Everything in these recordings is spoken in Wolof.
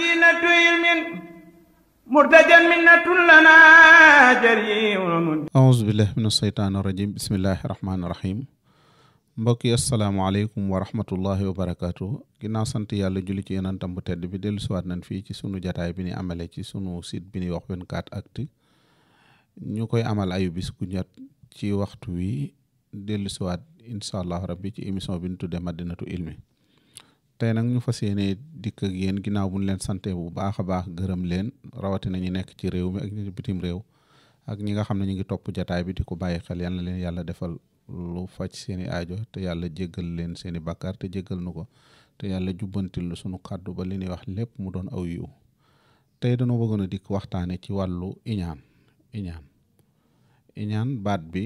aousubillah min asheytaan irajim bismillahi rahmaani rahim mbokk yi asalaamaaleykum wa rahmatullahi wa barakaatu sant yàlla julli ci yonentam bu tedd bi dellu siwaat nañ fii ci sunu jataay bi ñuy amale ci sunu site bi ñuy wax 24actu ñu koy amal ayu bis gu ci waxtu wi dellu siwaat incha allah rabbi ci émission bi ñu tudde madinatu ilmi tey nag ñu fas yéene dikk ak yéen ginnaaw bu leen sante bu baax a baax gërëm leen rawatina ñu nekk ci réew mi ak ñu bitim réew ak ñi nga xam ne ñu ngi topp jataay bi di ko bàyyi xel yan na leen yàlla defal lu faj seeni aajo te yàlla jéggal leen seeni bàkkaar te jéggal nu ko te yàlla jubbantil sunu kàddu ba li ñuy wax lépp mu doon aw yiw tey dañoo bëggoon a dikk waxtaane ci wàllu iñaan iñaan iñaan baat bi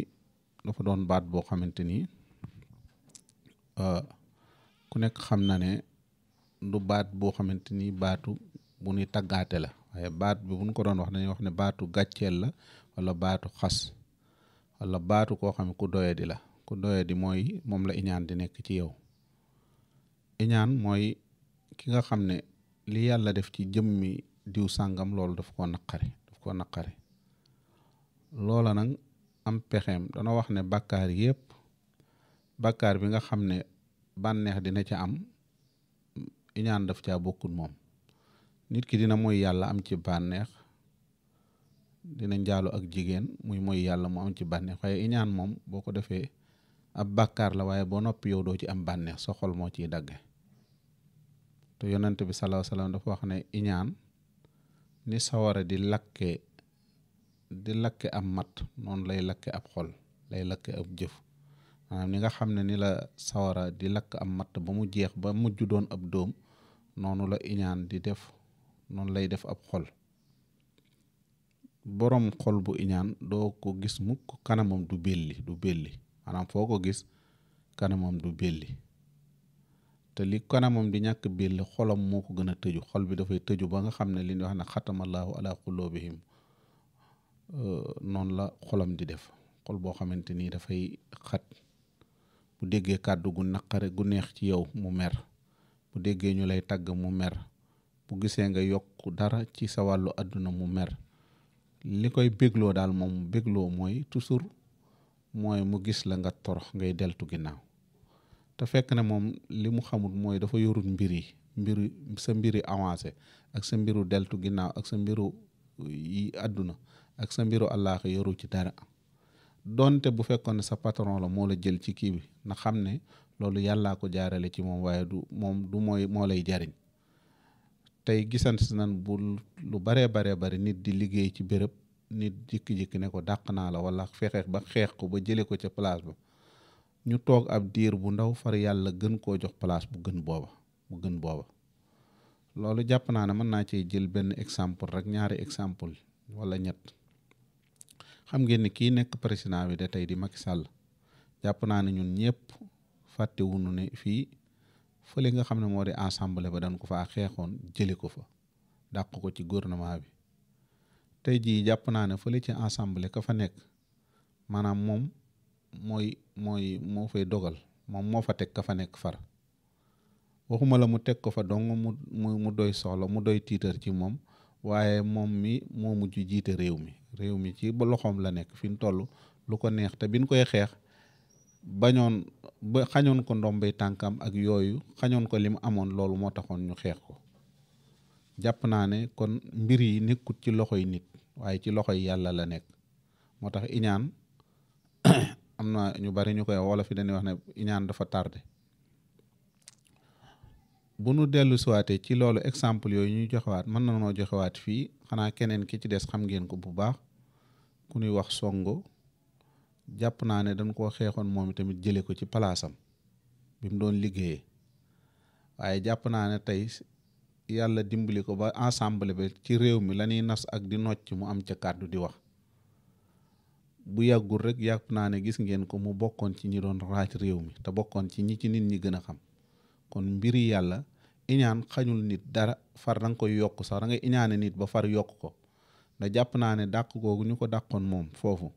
dafa doon baat boo xamante ni euh, ku nekk xam na ne du baat boo xamante ni baatu bu nuy taggaate la waaye baat bi buñ ko doon wax dañuy wax ne baatu gàcceel la wala baatu xas wala baatu koo xam ne ku doye di la ku doye di mooy moom la iñaan di nekk ci yow iñaan mooy ki nga xam ne li yàlla def ci jëmmi diw sàngam loolu daf koo naqari daf koo naqari loola nag am pexeem dana wax ne bakkaar yépp bàkkaar bi nga xam ne bànneex dina ca am iñaan daf caa bokkul moom nit ki dina mooy yàlla am ci bànneex dina njaalu ak jigéen muy mooy yàlla mu am ci bànneex waaye iñaan moom boo ko defee ab bàkkaar la waaye boo noppi yow doo ci am bànneex sa xol moo ciy dagge te yonent bi salaahu salaam dafa wax ne iñaan ni sawara di lakke di lakke am mat noonu lay lakke ab xol lay lakke ab jëf maanaam ah, ni nga xam ne ni la sawara di lakk am matt ba mu jeex ba mujj doon ab doom noonu la iñaan di def noon lay def ab xol borom xol bu iñaan doo ko gis mukk kanamam du belli du belli maanaam foo ko gis kanamam du belli te li kanamam di ñàkk belli xolam moo ko gën a tëju xol bi dafay tëju ba nga xam ne li ñu wax ne xatamallaahu ala qulubihim euh, noonu la xolam di def xol boo xamante ni dafay xat bu déggee kàddu gu naqare gu neex ci yow mu mer bu déggee ñu lay tàgg mu mer bu gisee nga yokk dara ci sa wàllu àdduna mu mer li koy bégloo daal moom bégloo mooy toujours mooy mu gis la nga torox ngay deltu ginnaaw te fekk ne moom li mu xamul mooy dafa yorut mbir yi mbiru sa mbiri avancé ak sa mbiru deltu ginnaaw ak sa mbiru yi àdduna ak sa mbiru àllaax yoru ci dara donte bu fekkoon ne sa patron la moo la jël ci kii bi na xam ne loolu yàllaa ko jaarale ci moom waaye du moom du mooy moo lay jariñ tey gisante nan bu lu baree baree bari nit di liggéey ci béréb nit jikki-jikki ne ko dàq naa la wala fexe ba xeex ko ba jëlee ko ca place ba ñu toog ab diir bu ndaw far yàlla gën koo jox place bu gën booba bu gën booba loolu jàpp naa ne mën naa cee jël benn exemple rek ñaari exemple wala ñett xam ngeen ni kii nekk président bi de tey di Macky Sall jàpp naa ne ñun ñëpp fàtte wuñu ne fii fële nga xam ne moo di assemblée ba dañ ko faa xeexoon jëlee ko fa dàq ko ci gouvernement bi tey jii jàpp naa ne fële ci assemblée ka fa nekk maanaam moom mooy mooy moo fay dogal moom moo fa teg ka fa nekk far waxuma la mu teg ko fa dong mu mu doy soxla mu doy tiitar ci moom waaye moom mi moo mujj jiite réew mi. réew mi ci ba loxoom la nekk fi mu toll lu ko neex te biñ koy xeex bañoon ba xañoon ko ndombay tànkam ak yooyu xañoon ko li mu amoon loolu moo taxoon ñu xeex ko jàpp naa ne kon mbir yi nekkut ci loxoy nit waaye ci loxoy yàlla la nekk moo tax iñaan am na ñu bari ñu koy wolof yi dañuy wax ne iñaan dafa tardé bu nu dellu siwaatee ci loolu exemple yooyu ñuy joxewaat mën na noo joxewaat fii xanaa keneen ki ci des xam ngeen ko bu baax ku ñuy wax songo jàpp naa ne dañ ko xeexoon moom tamit jële ko ci palaasam bi doon liggéeyee waaye jàpp naa ne tey yàlla dimbali ko ba ensemble bi ci réew mi la nas ak di nocc mu am ca kàddu di wax bu yàggul rek jàpp naa ne gis ngeen ko mu bokkoon ci ñi doon raaj réew mi te bokkoon ci ñi ci nit ñi gën a xam kon mbiri yàlla iñaan xañul nit dara far danga koy yokk sax da iñaane nit ba far yokk ko nda jàpp naa ne dàq googu ñu ko dàqoon moom foofu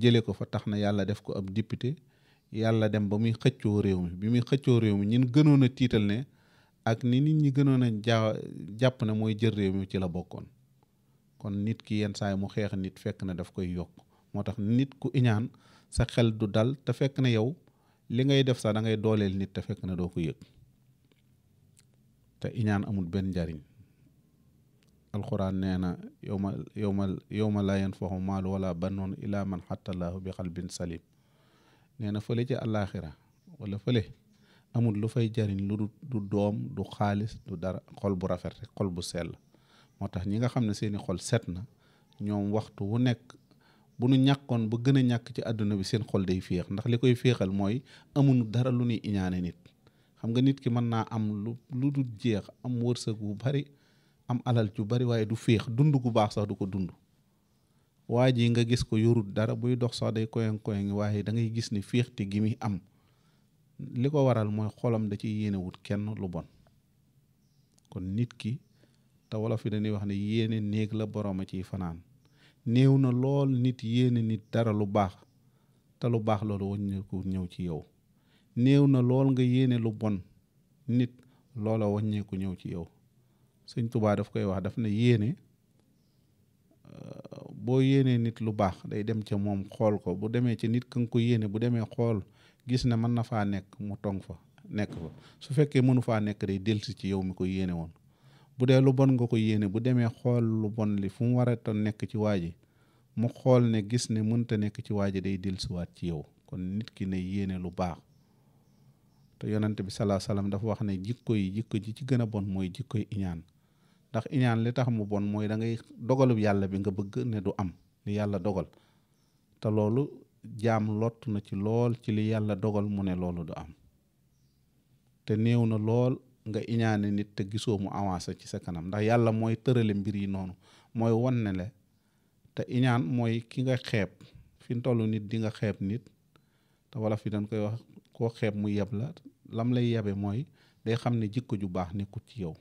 jële ko fa tax na yàlla def ko ab député yàlla dem ba muy xëccoo réew mi bi muy xëccoo réew ñin gënoon a tiital ne ak ni nit ñi gënoon a ja jàpp na mooy jël réew mi ci la bokkoon kon nit ki yenn saay mu xeex nit fekk na daf koy yokk moo tax nit ku iñaan sa xel du dal te fekk na yow li ngay def sax da ngay dooleel nit te fekk na doo ko yëg te iñaan amul benn njariñ alxuraan nee na yowma yowma yowma laa yanfaxu maalu wala banoon ila man xattalaahu bi xalbin salim nee na fële ci àllaaxira wala fële amul lu fay jariñ lu du doom du xaalis du dara xol bu rafet rek xol bu la moo tax ñi nga xam ne seeni xol set na ñoom waxtu wu nekk bu nu ñàkkoon bu gën a ñàkk ci àdduna bi seen xol day féex ndax li koy féexal mooy amunu dara lu ñuy iñaane nit xam nga nit ki mën naa am lu lu jeex am wërsëg wu bari am alal ju bari waaye du féex dund gu baax sax du ko dund waa ji nga gis ko yorut dara buy dox sax day koyang koyang waaye da ngay gis ni féexte gi muy am li ko waral mooy xolam da ci wut kenn lu bon kon nit ki te wolof yi dañuy wax ne yéene néeg la borom a ciy fanaan néew na lool nit yéene nit dara lu baax te lu baax loolu ko ñëw ci yow néew na lool nga yéene lu bon nit loola waññeeku ñëw ci yow sëñ tubaa daf koy wax daf na yéene euh, boo yéenee nit lu baax day dem ca moom xool ko bu demee ci nit ka nga ko yéene bu demee xool gis ne mën na faa nekk mu tong fa nekk fa su fekkee mënu faa nekk day delsi ci yow mi ko yéene woon bu dee lu bon nga ko yéene bu demee xool lu bon li fu mu war a nekk ci waa ji mu xool ne gis ne mënta nekk ci waa day delsiwaat ci yow kon nit ki ne yéene lu baax te yonent bi salaa salaam dafa wax ne jikko yi jikko ji ci gën a bon mooy jikko yi iñaan ndax iñaan li tax mu bon mooy dangay ngay dogalub yàlla bi nga bëgg ne du am li yàlla dogal te loolu jaam lott na ci lool ci li yàlla dogal mu ne loolu du am te néew na lool nga iñaane nit te gisoo mu avancé ci sa kanam ndax yàlla mooy tërale mbir yi noonu mooy wan ne le te iñaan mooy ki nga xeeb fi mu toll nit di nga xeeb nit te wala fi dañ koy wax koo xeeb mu yeb la lam lay yebe mooy day xam ne jikko ju baax nekkut ci yow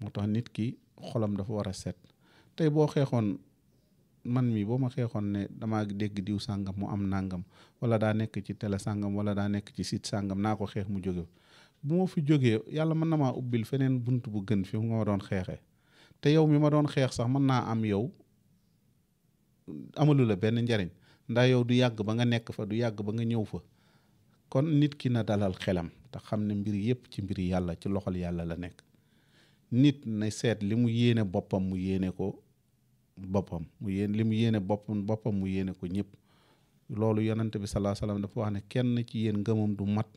moo tax nit ki xolam dafa war a set tey boo xeexoon man mii boo ma xeexoon ne dama dégg diw sàngam mu am nàngam wala daa nekk ci tele sàngam wala daa nekk ci site sàngam naa ko xeex mu jóge bu ma fi jógee yàlla mën na maa ubbil feneen bunt bu gën fi nga ma doon xeexee te yow mi ma doon xeex sax mën naa am yow amalu la benn njariñ ndax yow du yàgg ba nga nekk fa du yàgg ba nga ñëw fa kon nit ki na dalal xelam te xam ne mbir yépp ci mbir yàlla ci loxol yàlla la nekk nit na seet li mu yéene boppam mu yéene ko boppam mu yéen li mu yéene boppam boppam mu yéene ko ñëpp loolu yonent bi salaa salaam dafa wax ne kenn ci yéen ngëmam du mat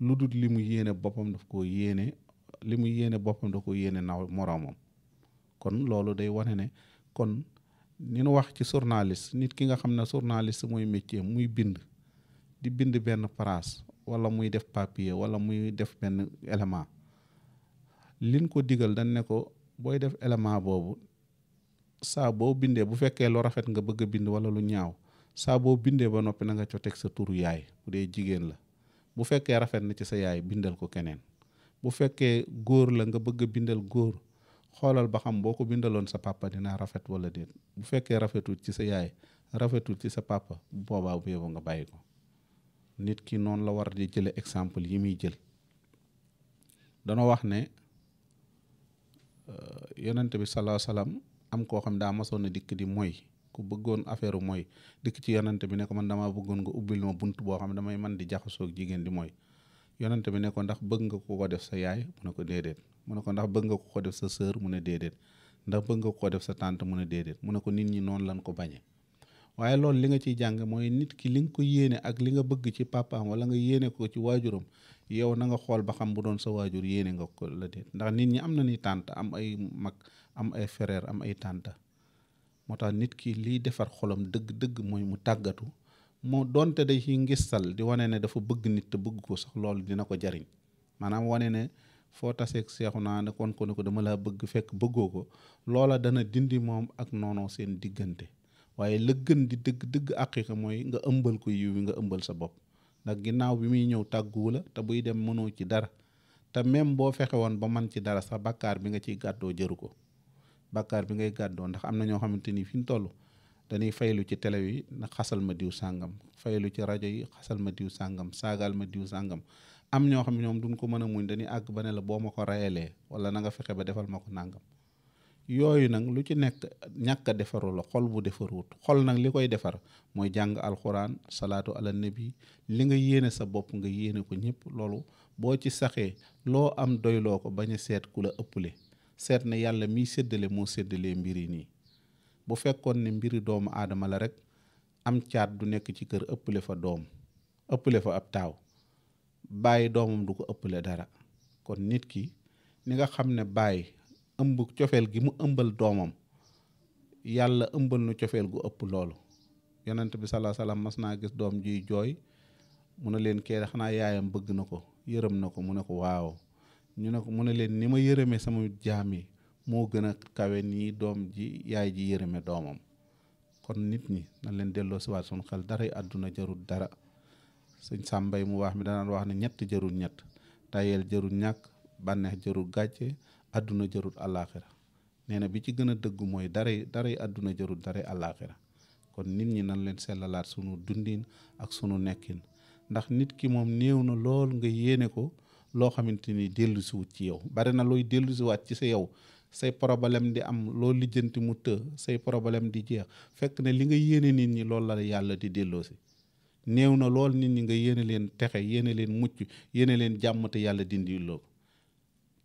lu dul li mu yéene boppam daf ko yéene li mu yéene boppam daf ko yéene naw moroomam kon loolu day wane ne kon ni nu wax ci journaliste nit ki nga xam ne journaliste mooy métier muy bind di bind benn phrase wala muy def papier wala muy def benn élément lin ko digal dañ ne ko booy def élément boobu saa boo bindee bu fekkee lu rafet nga bëgg a bind wala lu ñaaw saa boo bindee ba noppi na nga co teg sa turu yaay bu dee jigéen la bu fekkee rafet na ci sa yaay bindal ko keneen bu fekkee góor la nga bëgg a bindal góor xoolal ba xam boo ko bindaloon sa papa dinaa rafet wala déet bu fekkee rafetul ci sa yaay rafetul ci sa papa boobaa bu yóbbu nit ki noonu la war di jële exemple yi muy jël dana wax ne euh, yonent bi salaa salaam am koo xam daa masoon na dikk di mooy ku bëggoon affaire mooy dikk ci yonent bi ne man damaa bëggoon nga ubbil ma bunt boo xam ne damay man di jaxasoog jigéen di mooy yonent bi ne ko ndax bëgg nga ku def sa yaay mu ne ko déedéet mu ne ko ndax bëgg nga ku ko def sa sœur mu ne déedéet ndax bëgg nga ku def sa tànt mu ne déedéet mu ne ko nit ñi noonu lan ko bañe waaye loolu li nga ciy jàng mooy nit ki li nga ko yéene ak li nga bëgg ci papaam wala nga yéene ko ci waajuram yow na nga xool ba xam bu doon sa waajur yéene nga ko la déet ndax nit ñi am na ni tànt am ay mag am ay frère am ay tànta moo tax nit ki liy defar xolam dëgg-dëgg mooy mu tàggatu moo doonte day ci ngistal di wane ne dafa bëgg nit te bëgg ko sax loolu dina ko jariñ maanaam wane ne foo taseeg seexu naa ne kon kone ko dama laa bëgg fekk bëggoo ko loola dana dindi moom ak noonoo seen diggante waaye la di dëgg dëgg àqiqa mooy nga ëmbal ko yiw wi nga ëmbal sa bopp ndax ginnaaw bi muy ñëw tàgguwu la te buy dem mënoo ci dara te même boo fexe woon ba man ci dara sax bàkkaar bi nga ciy gàddoo jaru ko bàkkaar bi ngay gàddoo ndax am na ñoo xamante ni fi ñu toll dañuy faylu ci télé yi xasal ma diw sàngam faylu ci rajo yi xasal ma diw sàngam saagaal ma diw sàngam am ñoo xam ne ñoom duñ ko mën a muñ dañuy àgg ba ne la boo ma ko reyalee wala na nga fexe ba defal ma ko nàngam yooyu nag lu ci nekk ñàkk a defaru la xol bu defaruwut xol nag li koy defar mooy jàng alxuraan salaatu ala nabi li nga yéene sa bopp nga yéene ko ñëpp loolu boo ci saxee loo am doyloo ko bañ seet ku la ëpple seet na yàlla miy seddale moo séddalee mbir yi nii bu fekkoon ne mbiri doomu aadama la rek am caat du nekk ci kër ëpple fa doom ëpple fa ab taaw bàyyi doomam du ko ëpple dara kon nit ki ni nga xam ne bàyyi ëmb cofeel gi mu ëmbal doomam yàlla ëmbal nu cofeel gu ëpp loolu yonent bi salaa salaam mas naa gis doom jiy jooy mu ne leen kee xanaa yaayam bëgg na ko yërëm na ko mu ne ko waaw ñu ne ko mu ne leen ni ma yërëme sama jaam moo gën a kawe nii doom ji yaay ji yërëme doomam kon nit ñi na leen delloo si waat suñu xel daray àdduna jarul dara sëñ sàmbay mu waax mi danaan wax ne ñett jarul ñett tayel jarul ñàkk bànneex jarul gàcce àdduna jarul àllaaxira nee na bi ci gën a dëgg mooy daray daray àdduna jarul daray àllaaxira kon nit ñi nan leen sellalaat sunu dundin ak sunu nekkin ndax nit ki moom néew na lool nga yéene ko loo xamante ni dellusiwut ci yow bari na looy dellusiwaat ci sa yow say problème di am loo lijjanti mu të say problème di jeex fekk ne li nga yéene nit ñi loolu la yàlla di delloosi néew na lool nit ñi nga yéene leen texe yéene leen mucc yéene leen jàmm te yàlla dindi loo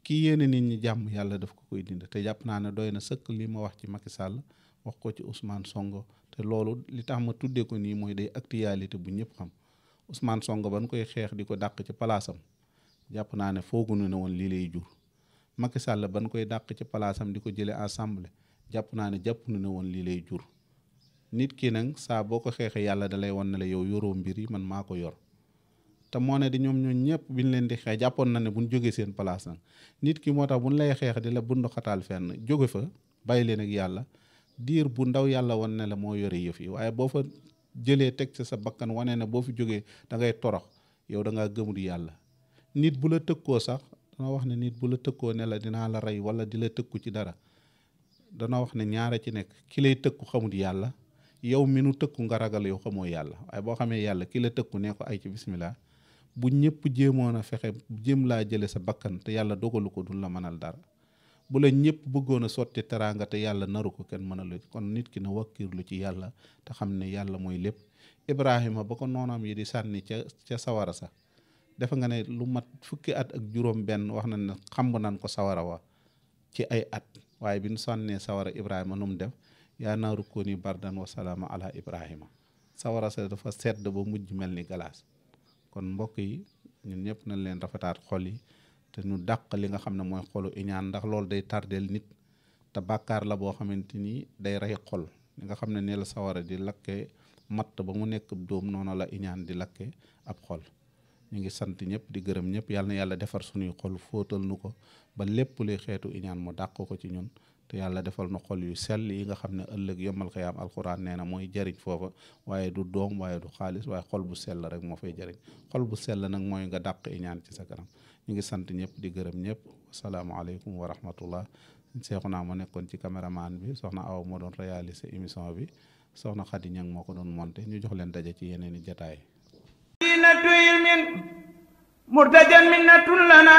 kii yéene nit ñi jàmm yàlla daf ko koy dind te jàpp naa ne doy na sëkk lii ma wax ci Macky Sall wax ko ci Ousmane songo te loolu li tax ma tuddee ko nii mooy day actualité bu ñëpp xam Ousmane Sonko ban koy xeex di ko dàq ci palaasam jàpp naa ne foogu foogunu ne woon lii lay jur Macky Sall ban koy dàq ci palaasam di ko jëlee assemblée jàpp naa ne jàpp nu ne woon lii lay jur nit kii nag saa boo ko xeexee yàlla da lay wan ne la yow yoroo mbir yi man maa ko yor te moo ne di ñoom ñoo ñëpp bi ñu leen di xeex jàppoon na ne bu ñu jógee seen place nag nit ki moo tax bu ñu lay xeex di la bund xataal fenn jóge fa bàyyi leen ak yàlla diir bu ndaw yàlla wan ne la moo yore yëf yi waaye boo fa jëlee teg sa sa bakkan wane ne boo fi jógee dangay torox yow da ngaa gëmul yàlla nit bu la tëkkoo sax dana wax ne nit bu la tëkkoo ne la dinaa la rey wala di la tëkku ci dara dana wax ne ñaara ci nekk ki lay tëkku xamul yàlla yow mi nu tëkku nga ragal yow xamoo yàlla boo xamee yàlla ki la ne ko ay ci bismillah bu ñëpp jéemoon a fexe jéem laa jële sa bakkan te yàlla dogalu ko du la mënal dara bu la ñëpp bëggoon a sotti teraanga te yàlla naru ko kenn mënalu kon nit ki na wakkirlu ci yàlla te xam ne yàlla mooy lépp Ibrahima ba ko noonam yi di sànni ca ca sawara sax defe nga ne lu mat fukki at ak juróom benn wax na ne xamb nan ko sawara wa ci ay at waaye bi ñu sànnee sawara Ibrahima nu mu def yaa naaru kooni bardan wa salaama ala Ibrahima sawara sa dafa sedd ba mujj mel ni galaas kon mbokk yi ñun ñëpp nañ leen rafetaat xol yi te ñu dàq li nga xam ne mooy xolu iñaan ndax loolu day tardeel nit te bàkkaar la boo xamante ni day rey xol li nga xam ne ne la sawara di lakke matt ba mu nekk dóom noonu la iñaan di lakke ab xol ñu ngi sant ñëpp di gërëm ñëpp yàlla na yàlla defar suñuy xol fóotal nu ko ba lépp luy xeetu iñaan mu dàq ko ci ñun te yàlla defal na xol yu sell yi nga xam ne ëllëg yombal xiyaam alquran nee na mooy jëriñ foofa waaye du doom waaye du xaalis waaye xol bu sell rek moo fay jëriñ xol bu sell nag mooy nga i ñaan ci sa kanam ñu ngi sant ñëpp di gërëm ñëpp asalaamaaleykum wa rahmatullah seexu naa ma nekkoon ci maan bi soxna aw moo doon réaliser émission bi soxna Xadi Ñang moo ko doon monté ñu jox leen daje ci yeneen i jataay murtajan minnatun lana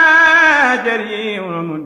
jari